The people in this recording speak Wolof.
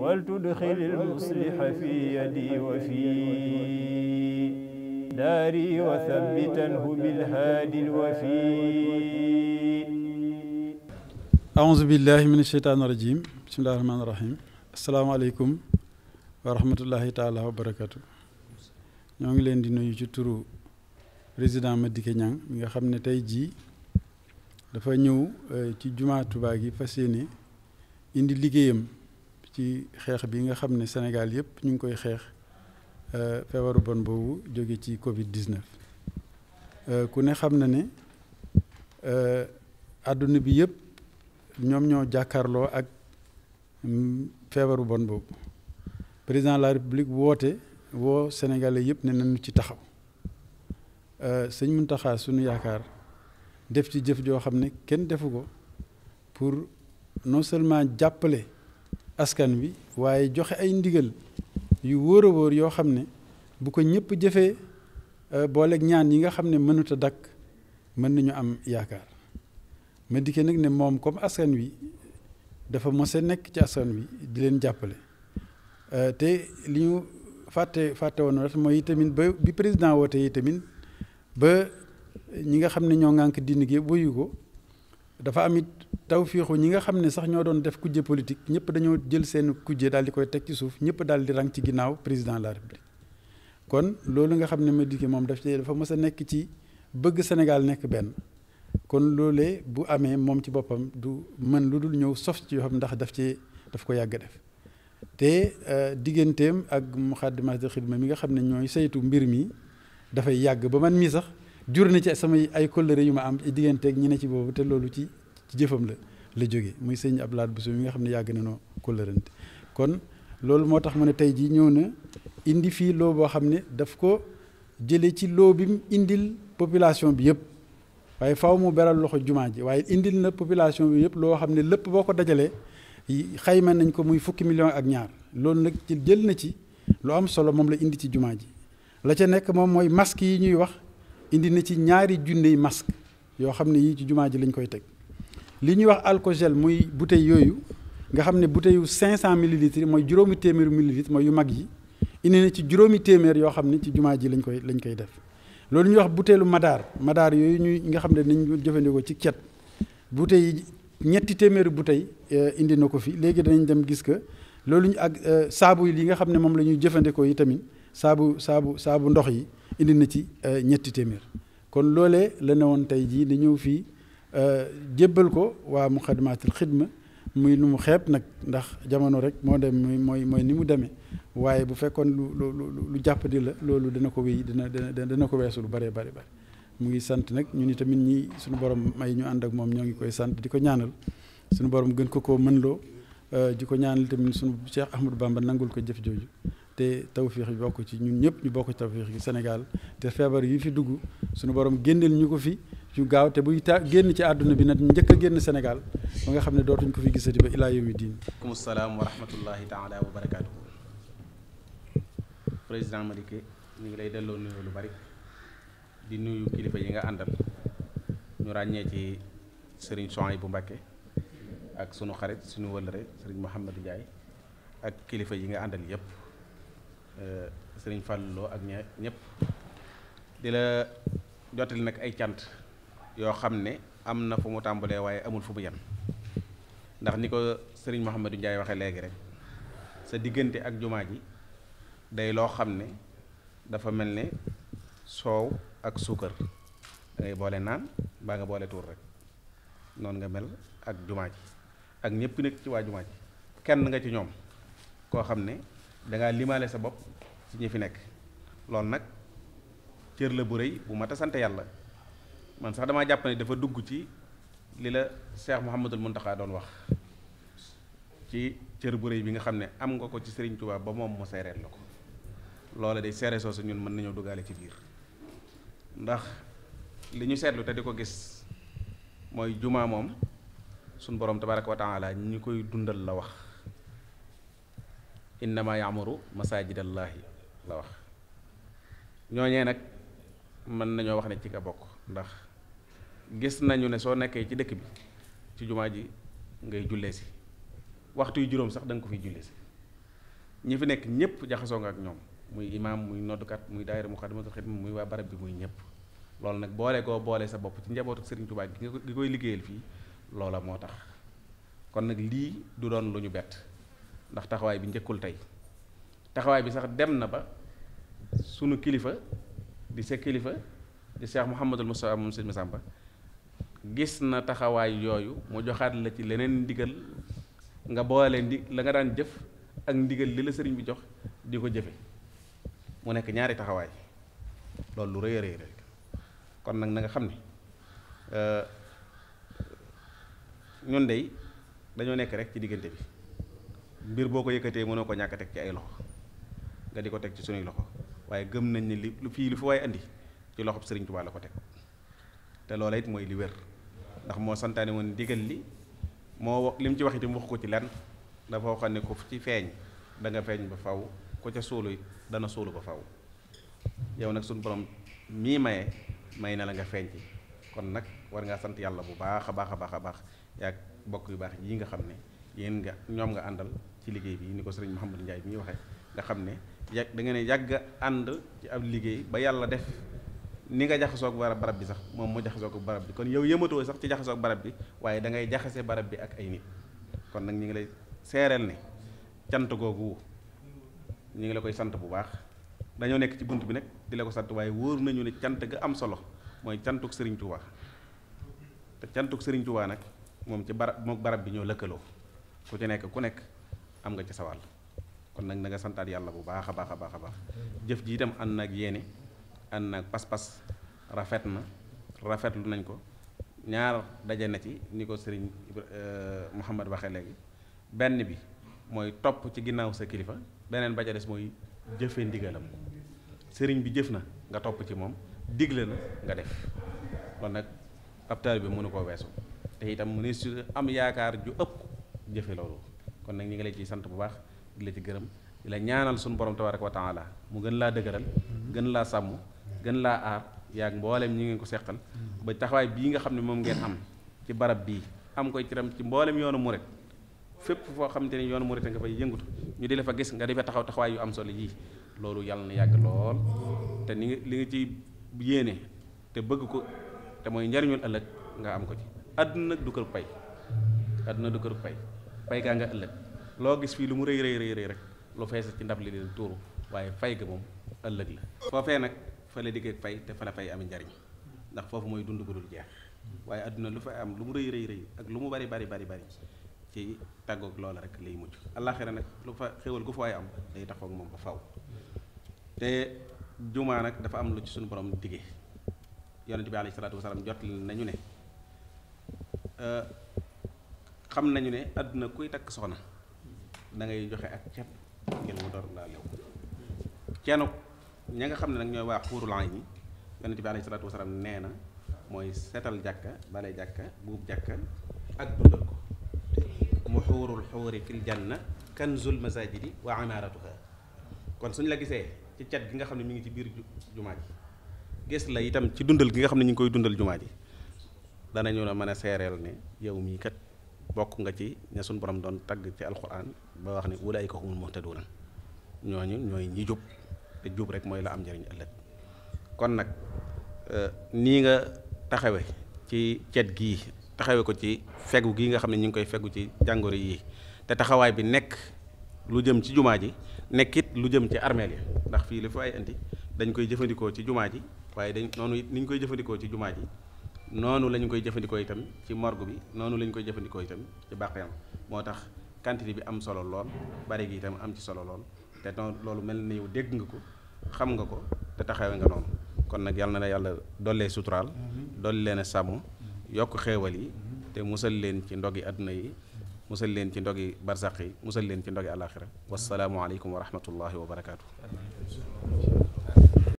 ولتدخل المصلح في يدي وفي داري وثبته بالهادي الوفي أعوذ بالله من الشيطان الرجيم بسم الله الرحمن الرحيم السلام عليكم ورحمة الله تعالى وبركاته ñoo ngi leen di nuyu ci turu président Madické Niang mi nga xam ne tey jii dafa ñëw ci jumaa Tuubaa gi fas yéene indi liggéeyam ci xeex bi nga xam ne Sénégal yëpp ñu ngi koy xeex euh, feebaru bon boobu jóge ci Covid 19. Euh, ku ne xam na ne euh, àdduna bi yëpp ñoom ñoo jàkkaarloo ak mm, feebaru bon boobu président la république woote woo sénégalais yëpp ne nañu ci taxaw sëñ Mountakha sunu yaakaar def ci jëf joo xam ne kenn defu ko pour non seulement jàppale. askan wi waaye joxe ay ndigal yu wóor a wóor yoo xam ne bu ko ñëpp jëfee euh, booleeg ñaan yi nga xam ne mënut a dakk mën nañu am yaakaar ma dikkee nag ne moom comme askan wi dafa mose nekk ci askan wi di leen jàppale euh, te li ñu fàtte fàtte woon rek mooy tamit ba bi président woote yi tamit ba ñi nga xam ne ñoo ŋànk diin gi wuyu ko dafa am it tawfiixu ñi nga xam ne sax ñoo doon def kujje politique ñëpp dañoo jël seen kujje daal di koy teg ci suuf ñëpp daal di rang ci ginnaaw président de la république kon loolu nga xam ne ma Madické moom daf ci dafa mës a nekk ci bëgg Sénégal nekk benn kon loole bu amee moom ci boppam du mën lu dul ñëw sof ci yoo xam ndax daf ci daf ko yàgg a def te euh, digganteem ak Moukhaddamatoul Khidma mi nga xam ne ñooy saytu mbir mi dafay yàgg ba man mii sax jur na ci samay ay kóllëre yu ma am diggante digganteeg ñi ne ci boobu te loolu ci ci jëfam la la jóge muy sëñ Abdou Lahad Bousso mi nga xam ne yàgg nañoo kóllërante kon loolu moo tax mu ne tey jii ñëw na indi fii loo boo xam ne daf ko jële ci loo bi mu indil population bi yëpp waaye faw mu beral loxo jumaa ji waaye indil na population bi yëpp loo xam ne lépp boo ko dajalee xayma nañ ko muy fukki million ak ñaar loolu nag jël na ci lu am solo moom la indi ci jumaa ji la nekk moom mooy masque yi ñuy wax indi na ci ñaari yi masque yoo xam ne yii ci jumaa ji lañ koy teg li ñuy wax alcogel muy bouteille yooyu nga xam ne bouteille yu 500 millilitres yi mooy juróomi téeméeru millilitres mooy yu mag yi indi na ci juróomi téeméer yoo xam ne ci jumaa ji lañ koy lañ koy def loolu ñuy wax buteelu madaar madaar yooyu ñuy nga xam ne nañ jëfandikoo ci cet bouteille yi ñetti téeméeri bouteille euh, indi na ko fi léegi danañ dem gis ko loolu ñu ak euh, saabu yi nga xam ne moom la ñuy jëfandikoo yi saabu saabu saabu ndox yi indi na ci euh, ñetti téeméer kon loole la ne woon tey jii di ñëw fii euh, jébbal ko waa muxadimaatul xidma muy nu mu xeeb nag ndax jamono rek moo dem mooy mooy ni mu demee waaye bu fekkoon lu lu lu di la loolu dana ko wéy dina dina dana ko weesu lu bëree bëri bëri mu ngi sant nag ñu ni tamit ñi sunu borom may ñu ànd ak moom ñoo ngi koy sant di ko ñaanal suñu borom gën ko koo mën loo euh, di ko ñaanal tamit suñu Cheikh Ahmadou Bamba nangul ko jëf jooju te tawféex yi bokk ci ñun ñëpp ñu bokk ci tawféex yi Sénégal te feebar yi fi dugg suñu borom génneel ñu ko fi yu gaaw te buy ta génn ci àdduna bi nag njëkk a génn Sénégal ba nga xam ne dootuñ ko fi gisati ba ilaa yawmi diin. waaleykum salaam wa rahmatullahi taala wa barakaatu. président Madické ñu ngi lay delloo nuyu lu bari di nuyu kilifa yi nga àndal ñu ràññee ci sëriñ bu Mbacké ak sunu xarit sunu wëllëre sëriñ Mouhamadou Ndiaye ak kilifa yi nga àndal yëpp. Euh, sëriñ Fallou ak ña ñëpp di la jottali nag ay cant yoo xam ne am na fu mu tàmbalee waaye amul fu mu yem ndax ni ko sëriñ Mouhamadou Ndiaye waxee léegi rek sa diggante ak jumaa ji day loo xam ne dafa mel ne soow ak suukar da boole naan baa nga boole tuur rek noonu nga mel ak jumaa ji ak ñëpp nag ci waa jumaa ji kenn nga ci ñoom koo xam ne. dangaa limaale sa bopp si ñi fi nekk loolu nag cër la bu rëy bu mat a sant yàlla man sax damaa jàpp dafa dugg ci li la Cheikh Mouhamadul taxaa doon wax ci cër bu rëy bi nga xam ne am nga ko ci sëriñ Touba ba moom mu seereel la ko loola day seere soosu ñun mën nañoo duggaale ci biir ndax li ñu seetlu te di ko gis mooy jumaa moom suñ borom tabaraka wa taala ñi koy dundal la wax innama yaamuru masaajidallaahi la wax ñooñee nag mën nañoo wax ne ci nga bokk ndax gis nañu ne soo nekkee ci dëkk bi ci jumaa ji ngay jullee si waxtu juróom sax da ko fiy jullee si ñi fi nekk ñëpp jaxasoo nga ak ñoom muy imaam muy noddukat muy daayira Muxaddamatul Xidma muy waa barab bi muy ñëpp lool nag boole koo boole sa bopp ci njabootu Sëriñ Tuubaa gi koy liggéeyal fii loola moo tax kon nag lii du doon lu ñu bett ndax taxawaay bi njëkkul tey taxawaay bi sax dem na ba sunu kilifa di sa kilifa di Cheikh Mouhamadul Moustapha moom sëñ Massamba gis na taxawaay yooyu mu joxaat la ci leneen ndigal nga boole ndi la nga daan jëf ak ndigal li la sëriñ bi jox di ko jëfe mu nekk ñaari taxawaay loolu lu rëy a rëy kon nag na nga xam ne euh, ñun dey dañoo nekk rek ci diggante bi mbir boo ko yëkkatee mënoo ko ñàkk teg ci ay loxo nga di ko teg ci sunuy loxo waaye gëm nañ ni li lu fii lu fi waay andi ci loxob Sëriñ Tuubaa la ko teg te loola it mooy li wér ndax moo santaane woon digal li moo wax li mu ci wax itam wax ko ci lan dafa waxoon ne ku ci feeñ danga feeñ ba faw ku ca suulu dana suulu ba faw yow nag suñu borom mii maye may na la nga feeñ ci kon nag war ngaa sant yàlla bu baax a baax a baax a baax yaa bokk yu baax yi nga xam ne yéen nga ñoom nga àndal ci liggéey bii ni ko sëriñ Mouhamadou Ndiaye bi ñuy waxee nga xam ne yàgg da nga ne yàgg ànd ci ab liggéey ba yàlla def ni nga jaxasoo ak barab barab bi sax moom mu jaxasoo ak barab bi kon yow yëmatoo sax ci jaxasoo ak barab bi waaye da ngay jaxase barab bi ak ay nit kon nag ñu ngi lay seereel ne cant googu ñu ngi la koy sant bu baax dañoo nekk ci bunt bi nag di la ko sant waaye wóor nañu ne cant ga am solo mooy cantuk sëriñ Touba te cantuk sëriñ Touba nag moom ci barab bi ñoo lëkkaloo ku ci ku nekk am nga ci sa wàll kon nag na santaat yàlla bu baax a baax a baax a baax jëf ji itam ànd naag yéene ànd naag pas rafet na rafetlu nañ ko ñaar daje na ci ni ko sëriñ euh, Mouhamad waxee léegi benn bi mooy topp ci ginnaaw sa beneen ba ca mooy jëfe ndigalam sëriñ bi jëf na nga topp ci moom digle na nga def loolu nag ab bi mënu koo weesu te itam mu ne am yaakaar ju ëpp jëfe loolu kon nag ñu ngi lay ciy sant bu baax di la ci gërëm di la ñaanal suñu borom tabaraka wa taala mu gën laa dëgëral gën laa sàmm gën laa aar yaag mbooleem ñu ngeen ko seqal ba taxawaay bii nga xam ne moom ngeen am ci barab bii am koy ciram ci mbooleem yoonu mu rek fépp foo xamante ni yoonu murit nga fay yëngatu ñu di la gis nga di fa taxaw taxawaay yu am solo yii loolu yàlla na yàgg lool te ni nga li nga ci yéene te bëgg ko te mooy njariñul ëllëg nga am ko ci àdduna nag du kër pay àdduna du kër pay fay gaa nga ëllëg loo gis fii lu mu rëy rëy rëy rek lu fees ci ndab li leen tuuru waaye fay ga moom ëllëg la foofee nag fa la dikkee fay te fa la fay am njariñ ndax foofu mooy dund gu dul jeex waaye àdduna lu fa am lu mu rëy rëy rëy ak lu mu bari bari bari bari ci tàggoog loola rek lay mujj àllaaxira nag lu fa xéwal gu fa am day taxaw ak moom ba faw te jumaa nag dafa am lu ci suñu borom digee yonente bi alayhi salaatu wasalaam jot nañu ne euh, xam nañu ne àdduna kuy takk soxna da ngay joxe ak ceeb ngir mu door laa lew ceenu ña nga xam ne nag ñooy waa xuurul ayni yonent bi alayhi salaatu wasalaam nee na mooy setal jàkka bale jàkka buub jàkka ak dundal ko mu xuurul xuuri fil janna kanzul masajidi wa amaratuha kon suñ la gisee ci cat gi nga xam ne mi ngi ci biir jumaa ji gis la itam ci dundal gi nga xam ne ñu ngi koy dundal jumaa ji danañu la mën a seereel ne yow mii kat bokk nga ci ña suñ borom doon tagg ci alquran ba wax ne ulaayika humul muhtaduna ñooñu ñooy ñi jub te jub rek mooy la am njëriñ ëllëg kon nag e, nii nga taxawe ci cet gii taxawe ko ci fegu gii nga xam ne ñu ngi koy fegu ci jàngoro yii te taxawaay bi nekk lu jëm ci jumaa ji nekkit lu jëm ci armeel yi ndax fii la fi ay indi dañ koy jëfandikoo ci jumaa ji waaye dañ noonu it ni koy jëfandikoo ci jumaa ji noonu la ñu koy jëfandikoo itam ci morgue bi noonu lañu koy jëfandikoo itam ci bàqeyam moo tax quantité bi am solo lool bari gi itam am ci solo lool te noonu loolu mel na yow dégg nga ko xam nga ko te taxawee nga noonu kon nag yal na la yàlla dollee suturaal dolli leen a sàmm yokk xeewal yi te musal leen ci ndogi adduna yi musal leen ci ndogi barsaq yi musal leen ci ndogi àlaxira wasalaamualeykum wa rahmatullahi wa barakaatu.